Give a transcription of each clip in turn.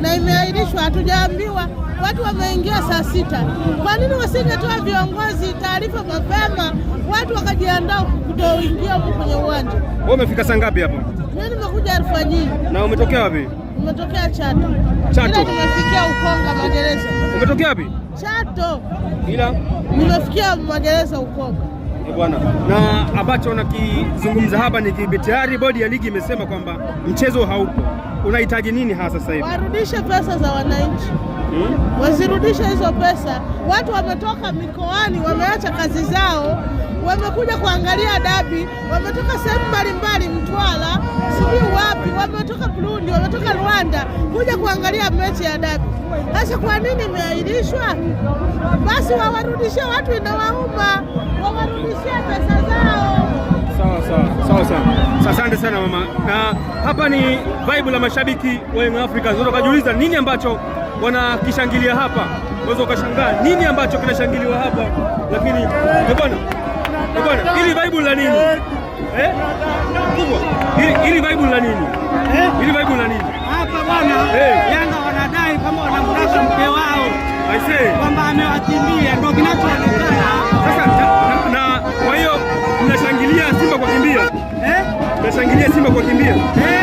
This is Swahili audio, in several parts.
na imeahirishwa, hatujaambiwa. Watu wameingia saa sita. Kwa nini wasingetoa viongozi taarifa mapema, watu wakajiandaa kutoingia huku kwenye uwanja? Wewe umefika saa ngapi hapo? Mimi nimekuja alfajiri. Na umetokea wapi? Umetokea Chato. Chato. Nimefikia Ukonga magereza. Umetokea wapi? Chato. Ila nimefikia magereza Ukonga. Eh, bwana, na ambacho nakizungumza hapa ni kibi, bodi ya ligi imesema kwamba mchezo haupo. Unahitaji nini hasa sasa hivi? Warudishe pesa za wananchi hmm? Wazirudishe hizo pesa. Watu wametoka mikoani, wameacha kazi zao, wamekuja kuangalia dabi, wametoka sehemu mbalimbali, Mtwara, sijui wapi, wametoka Burundi, wametoka Rwanda kuja kuangalia mechi ya dabi. Sasa kwa nini imeahirishwa? Basi wawarudishie watu inawauma, wawarudishie pesa zao. Sawa sawa sawa sawa, asante sana mama. Na hapa ni vibe la mashabiki wa Young Africans, unaweza kujiuliza nini ambacho wanakishangilia hapa, unaweza ukashangaa nini ambacho kinashangiliwa hapa, lakini eh, bwana eh, bwana, hili vibe la nini eh? Kubwa hili vibe la nini eh? Hili vibe la nini hapa bwana? Eh. Yanga wanadai kama wanamrasha mke wao, I say kwamba amewakimbia, ndio kinacho Simba kwa kimbia.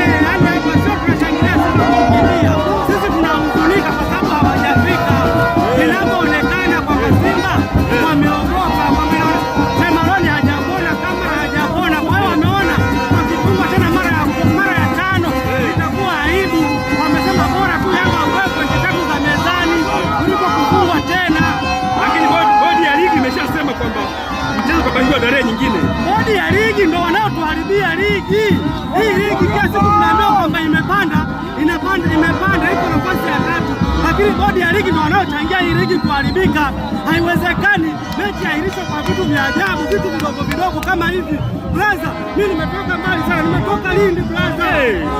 kuangalia ligi hii. Ligi kila siku tunaambiwa kwamba imepanda, inapanda, imepanda, iko nafasi ya tatu, lakini bodi ya ligi na wanaochangia hii ligi kuharibika. Haiwezekani mechi airishwe kwa vitu vya ajabu, vitu vidogo vidogo kama hivi. Brother, mimi nimetoka mbali sana, nimetoka Lindi brother,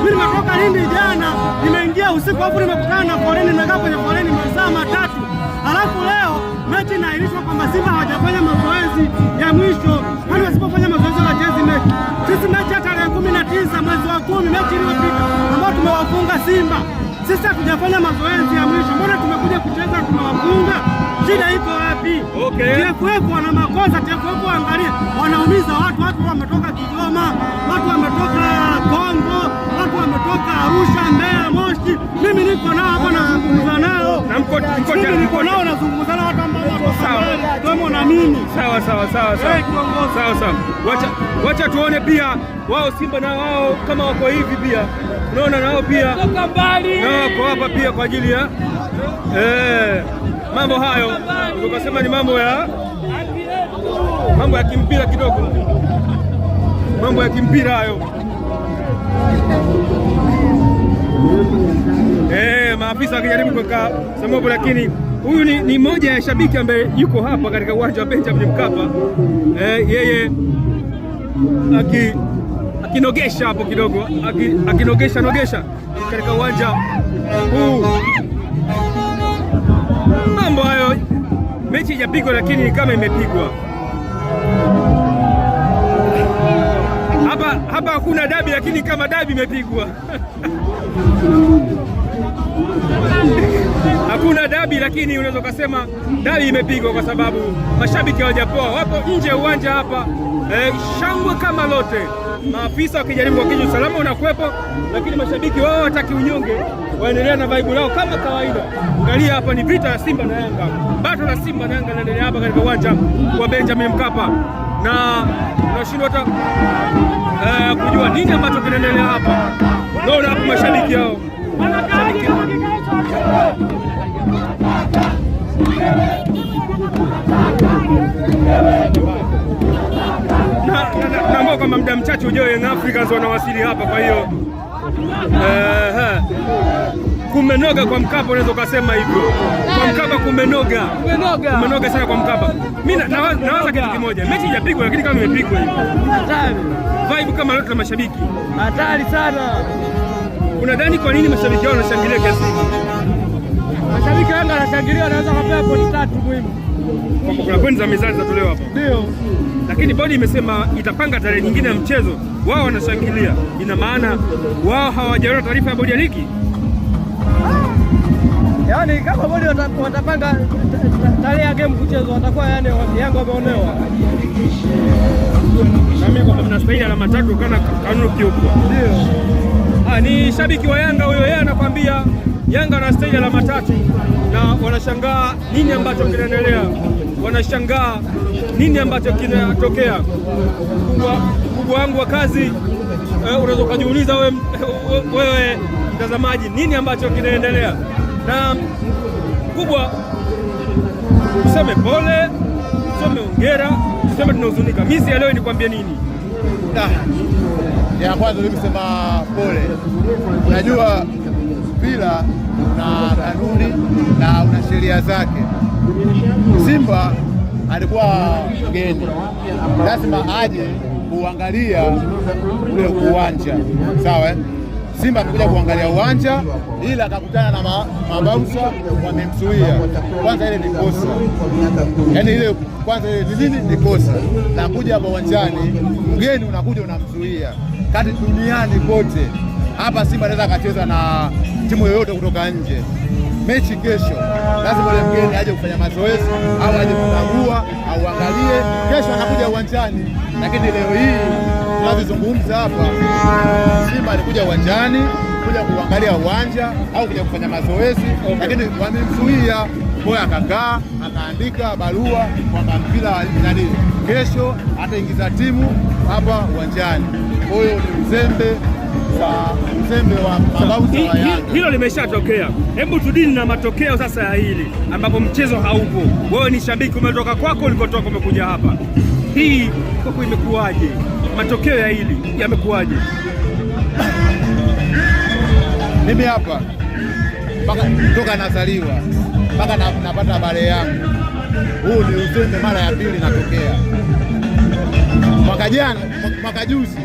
mimi nimetoka Lindi jana, nimeingia usiku, alafu nimekutana na foleni, nimekaa kwenye foreni masaa matatu, alafu leo mechi inairishwa kwamba Simba hawajafanya mazoezi ya mwisho, kwani wasipofanya mazoezi mwezi wa kumi mechi iliyopita ambao tumewafunga Simba. Sisi hatujafanya mazoezi ya mwisho, mbona tumekuja kucheza tumewafunga? Shida iko wapi? Okay. TFF wana makosa, TFF waangalie, wanaumiza watu. Watu wametoka Kigoma, watu wametoka Kongo, watu wametoka Arusha, Mbeya, Moshi. Mimi niko nao hapa nazungumza nao, mimi niko nao nazungumza nao kama na nini. Sawa sawa sawa sawa. Sawa sawa. Wacha wacha tuone pia wao Simba na wao kama wako hivi pia. Unaona nao pia. Na wako hapa pia kwa ajili ya eh, mambo hayo tukasema ni mambo ya mambo ya kimpira kidogo, mambo ya kimpira hayo. Eh, maafisa wakijaribu kuweka samopo lakini Huyu ni, ni moja ya shabiki ambaye yuko hapa katika uwanja wa Benjamin Mkapa eh, yeye aki akinogesha hapo kidogo akinogesha nogesha katika uwanja huu. Mambo hayo, mechi haijapigwa lakini ni kama imepigwa hapa. Hapa hakuna dabi lakini kama dabi imepigwa hakuna dabi, lakini unaweza ukasema dabi imepigwa kwa sababu mashabiki hawajapoa, wapo nje ya uwanja hapa e, shangwe kama lote, maafisa wakijaribu kuhakikisha usalama unakuwepo, lakini mashabiki wao wataki unyonge, waendelea na vaibu lao kama kawaida. Angalia hapa, ni vita ya Simba na Yanga, bato la Simba na Yanga linaendelea hapa katika uwanja wa Benjamin Mkapa na tunashindwa hata eh, kujua nini ambacho kinaendelea hapa. Naona hapo mashabiki hao Naambao kwamba muda mchache ujao Young Africans wanawasili hapa, kwa hiyo uh, kumenoga kwa Mkapa, unaweza ukasema hivyo. Kwa Mkapa kumenoga, kumenoga sana kwa Mkapa. Mimi nawaza kitu kimoja, mechi haijapigwa, lakini kama imepigwa hivi, vibe kama lote la mashabiki hatari sana. Unadhani kwa nini mashabiki wao wanashangilia kiasi hiki? mashabiki Yanga wanashangilia, wanaweza kupewa pointi tatu muhimu, kwamba kuna pointi za mizani zitatolewa hapa. ndio. Lakini bodi imesema itapanga tarehe nyingine ya mchezo, wao wanashangilia, ina maana wao hawajaona taarifa ya bodi ya ligi. Yaani kama bodi watapanga tarehe ya game kuchezwa, watakuwa yani Yanga wameonewa. Na Nami kwamba mnastahili alama tatu, kana kanuni kiupo. Ndio. Ah, ni shabiki wa Yanga huyo, yeye anakwambia Yanga na stage alama tatu na wanashangaa nini ambacho kinaendelea, wanashangaa nini ambacho kinatokea. kubwa wangu wa kazi, eh, unaweza ukajiuliza wewe, mtazamaji, nini ambacho kinaendelea? Na kubwa tuseme pole, tuseme hongera, tuseme tunahuzunika. Mimi ya leo nikwambie nini? ya kwanza mimi sema pole, unajua mpira una kanuni na una sheria zake. Simba alikuwa mgeni, lazima aje kuangalia ule uwanja, sawa. Eh? Simba amekuja kuangalia uwanja, ila akakutana na mabausa wamemzuia. Kwanza ile ni kosa, yaani ile kwanza ile ni nini? Ni kosa nakuja hapa uwanjani, mgeni unakuja unamzuia, kati duniani kote hapa Simba anaweza akacheza na timu yoyote kutoka nje. Mechi kesho lazima ule mgeni aje kufanya mazoezi au aje kutangua au angalie, kesho anakuja uwanjani. Lakini leo hii tunavyozungumza hapa, Simba alikuja uwanjani kuja kuangalia uwanja au kuja kufanya mazoezi okay. Lakini wamemzuia kwa, akakaa akaandika barua kwamba mpira nani, kesho ataingiza timu hapa uwanjani. Kwa hiyo ni mzembe wa uzembe wa sababu za Yanga. Hilo limeshatokea. Hebu tudini na matokeo sasa ya hili ambapo mchezo haupo. Wewe ni shabiki, umetoka kwako ulikotoka, umekuja hapa. Hii kwako imekuwaje? Matokeo ya hili yamekuwaje? Mimi hapa mpaka kutoka nazaliwa mpaka napata bale yangu, huu ni uzembe mara ya pili natokea mwaka jana, mwaka juzi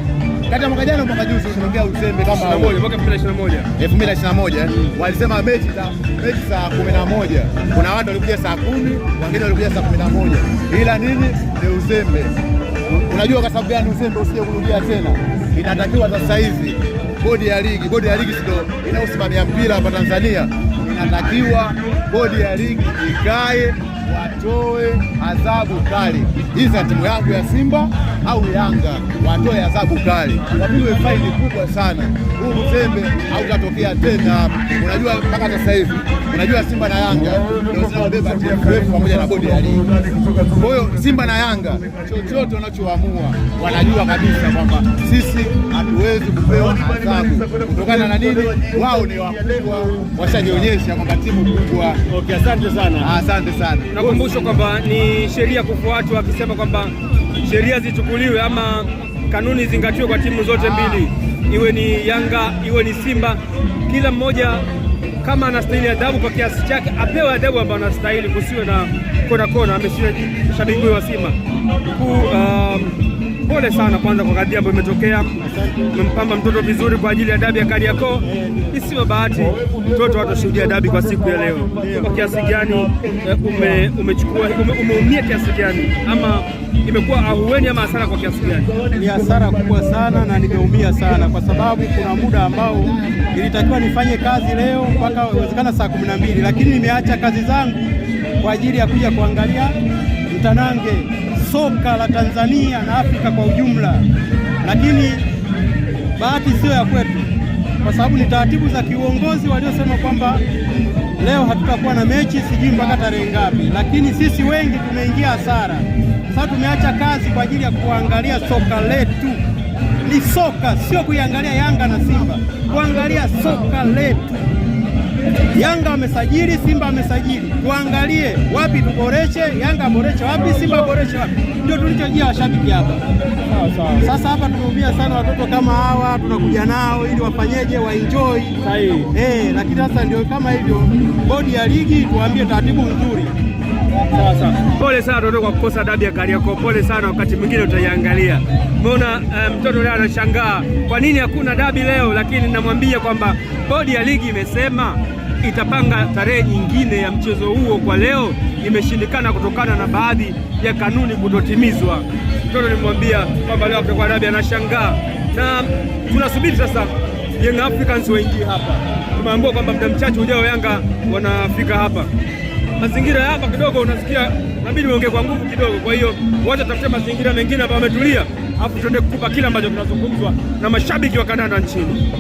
kati ya mwaka jana mwaka juzi tunaongea usembe kama 2021 2021 walisema mechi za mechi saa 11 kuna watu walikuja saa kumi wengine walikuja saa 11 ila nini ni usembe unajua kwa sababu gani usembe usije kurudia tena inatakiwa sasa hivi bodi ya ligi bodi ya ligi sio inayosimamia mpira hapa Tanzania inatakiwa bodi ya ligi ikae watoe adhabu kali hizi za timu yangu ya Simba au Yanga watoe adhabu kali, wapigwe faini kubwa sana. Huu uzembe hautatokea tena hapa. Unajua mpaka sasa hivi, unajua Simba na Yanga ndio zinabeba TFF pamoja na bodi ya ligi. Kwa hiyo Simba na Yanga chochote wanachoamua wanajua kabisa kwamba sisi hatuwezi kupewa adhabu kutokana na nini? Wao ni wakubwa, washajionyesha kwamba timu kubwa. Okay, asante sana, asante sana. Nakumbusha kwamba ni sheria kufuatwa, akisema kwamba sheria zichukuliwe ama kanuni zingatiwe kwa timu zote ah. mbili, iwe ni Yanga iwe ni Simba. Kila mmoja kama anastahili adhabu kwa kiasi chake apewe adhabu ambayo anastahili, kusiwe na kona kona. Ameshiwa shabiki wa Simba ku um, Pole sana kwanza kwa kadhia ambayo imetokea. mempamba mtoto vizuri kwa ajili ya dabi ya Kariakoo. Isiwe bahati mtoto atashuhudia dabi kwa siku ya leo. Kwa kiasi gani eh, ume, umechukua umeumia kiasi gani ama imekuwa ahueni ama hasara kwa kiasi gani? Ni hasara kubwa sana na nimeumia sana, kwa sababu kuna muda ambao nilitakiwa nifanye kazi leo mpaka wezekana saa kumi na mbili, lakini nimeacha kazi zangu kwa ajili ya kuja kuangalia mtanange soka la Tanzania na Afrika kwa ujumla, lakini bahati sio ya kwetu, kwa sababu ni taratibu za kiuongozi waliosema kwamba leo hatutakuwa na mechi, sijui mpaka tarehe ngapi, lakini sisi wengi tumeingia hasara. Sasa tumeacha kazi kwa ajili ya kuangalia soka letu. Ni soka, sio kuiangalia Yanga na Simba, kuangalia soka letu. Yanga amesajili, Simba amesajili, tuangalie wapi tuboreshe. Yanga aboreshe wapi, Simba aboreshe wapi, ndio tulichojia washabiki hapa. Sasa hapa tumeumia sana, watoto kama hawa tunakuja nao ili wafanyeje, waenjoy eh, lakini sasa ndio kama hivyo, bodi ya ligi tuambie taratibu nzuri pole sana watoto kwa kukosa dabi ya Kariakoo, pole sana. Wakati mwingine utaiangalia. Umeona eh, mtoto um, leo anashangaa kwa nini hakuna dabi leo, lakini namwambia kwamba bodi ya ligi imesema itapanga tarehe nyingine ya mchezo huo. Kwa leo imeshindikana kutokana na baadhi ya kanuni kutotimizwa. Mtoto nimwambia kwamba leo kutakuwa dabi, anashangaa na tunasubiri sasa Young Africans waingie hapa. Tumeambiwa kwamba muda mchache ujao Yanga wanafika hapa mazingira hapa kidogo unasikia nabidi uongee kwa nguvu kidogo. Kwa hiyo wacha tafute mazingira mengine ambayo ametulia, afu tuende kukupa kile ambacho kinazungumzwa na mashabiki wa kandanda nchini.